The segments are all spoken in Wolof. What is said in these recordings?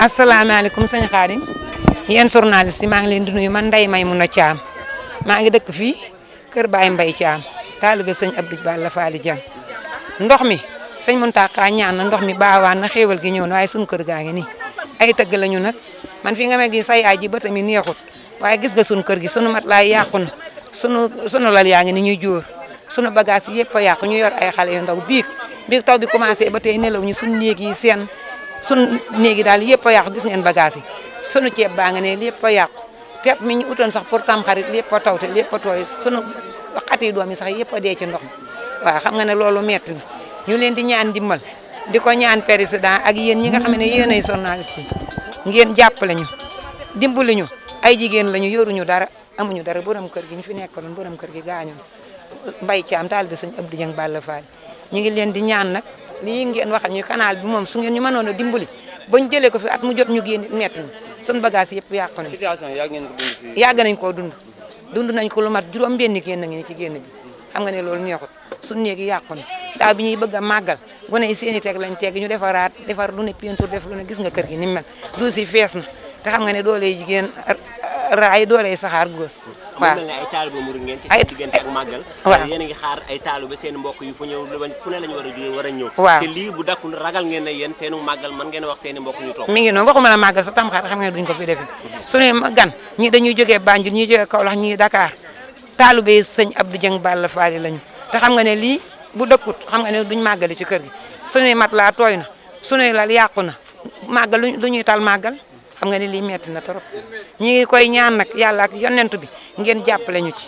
asalaamaaleykum sëñ Xaadim yéen journaliste si maa ngi leen di nuyu man Ndeye Maimouna Thiam maa ngi dëkk fii kër baay mbay Baye Mbaye Thiam taalibe sëñ Abdou Balla Faali Jang ndox mi sëñ Mountakha ñaan na ndox mi baa waan na xéewal gi ñëw na waaye suñu kër gaa ngi nii ay tëgg lañu nag man fii nga ma gi sa yaay ji ba tamit neexut waaye gis ga suñu kër gi sunu mat laay yàqu na sunu sunu lal yaa ngi ni ñuy jóor sunu bagage yëpp a yàqu ñu yor ay xale yu ndaw biig biig taw bi commencé ba tey nelaw ñu suñu néeg yi seen sunu néegi daal yëpp a yàqu gis ngeen yi sunu ceeb baa nga ne lépp yàqu mi ñu utoon sax pour tam xarit lépp a lépp a tooy sunu xat yi doom yi sax yëpp a dee ci ndox mi waaw xam nga ne loolu metti na ñu leen di ñaan dimbal di ko ñaan président ak yéen ñi nga xam ne yéen ay journaliste yi ngeen jàppale ñu dimbali ñu ay jigéen lañu ñu dara amuñu dara borom kër gi ñu fi nekkaloon borom kër gi gaañu mbay caam taal bi sëñ Abdou Dieng Balla Fall ñu ngi leen di ñaan nag lii ngeen wax ñu canal bi moom su ngeen ñu mënoon a dimbali bañ jëlee ko fi at mu jot ñu génn nett ñu sun bagage yëpp yàqu nañ situation yàgg ngeen ko dund fii yàgg nañ koo dund dund nañ ko lu mat juróom benn génn ngi ci génn bi xam nga ne loolu neexut suñu néegi yàqu na daaw bi ñuy bëgg a màggal gone yi seen i teg lañ teg ñu defaraat defar lu ne peinture def lu gis nga kër gi ni mel duus yi fees na te xam nga ne doole jigéen raay doole saxaar góor waaw mën na ay taalibe murid a ngi xaar ay taalibe seen mbokk yu fu ñëw fu ne lañu war a a ñëw waaw te lii bu dakkul ragal ngeen ne yéen seenu màggal man ngeen wax seen i mbokk ñu toog mi ngi noonu waxuma la màggal sa tamxaar xam ngeen duñ ko fi defee suñuy gan ñi dañuy jógee Banjul ñi jógee Kaolack ñi Dakar taalibe sëñ Abdou Dieng Balla Faali lañu te xam nga ne lii bu dëkkut xam nga ne duñ màggali ci kër gi suñuy mat laa tooy na suñuy lal yàqu na màggal lu ñuy tal màggal xam nga ne lii metti na trop ñi ngi koy ñaan nag yàlla ak yonent bi ngeen jàppale ñu ci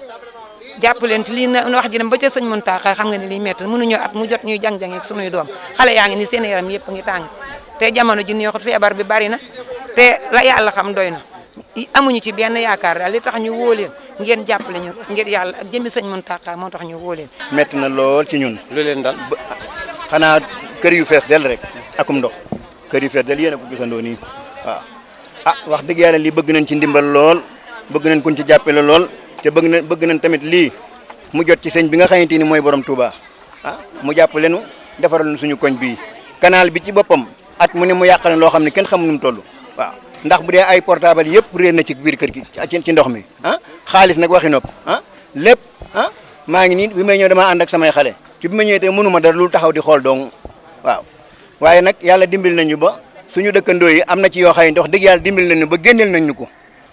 jàpp leen ci lii na wax ji dem ba ca sëñ Mountakha xam nga ne lii metti na mënuñoo at mu jot ñuy jàng-jàng ak sunuy doom xale yaa ngi ni seen yaram yëpp ngi tàng te jamono ji neexut feebar bi bari na te la yàlla xam doy na amuñu ci benn yaakaar daal li tax ñu woo leen ngeen jàppale ñu ngir yàlla ak jëmmi sëñ Mountakha moo tax ñu woo metti na lool ci ñun. lu leen dal xanaa kër yu fees del rek akum kër yu fees del yéen a nii waaw a ah, wax dëgg yàlla li bëgg nañ ci ndimbal lool bëgg nañ kuñ ci jàppale lool te bëgg nañ bëgg nañ tamit lii mu jot ci sëñ bi nga xamante ni mooy borom Touba ah mu jàppale nu defaral nu suñu koñ bii canal bi ci boppam at mu ne mu yàqal loo xam ne kenn xamu nu mu toll waaw ndax bu dee ay portable yëpp réer na ci biir kër gi ci ndox mi a ah, xaalis nag waxi nopp ah lépp a ah, maa ngi nii bi may ñëw dama ànd ak samay xale ci bi ma ñëwee te ma dara lu taxaw di xool dong waaw waaye nag yàlla ba suñu dëkkandoo yi am na ci yoo xam ne wax dëgg yàlla dimbali nañu ba génneel nañ ñu ko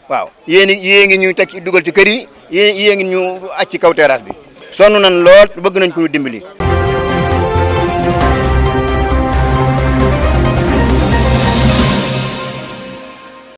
waaw yéen yée ngi ñu teg dugal ci kër yi yée ngi ñu acc ci kaw bi sonn nañ lool bëgg nañ ko ñu dimbali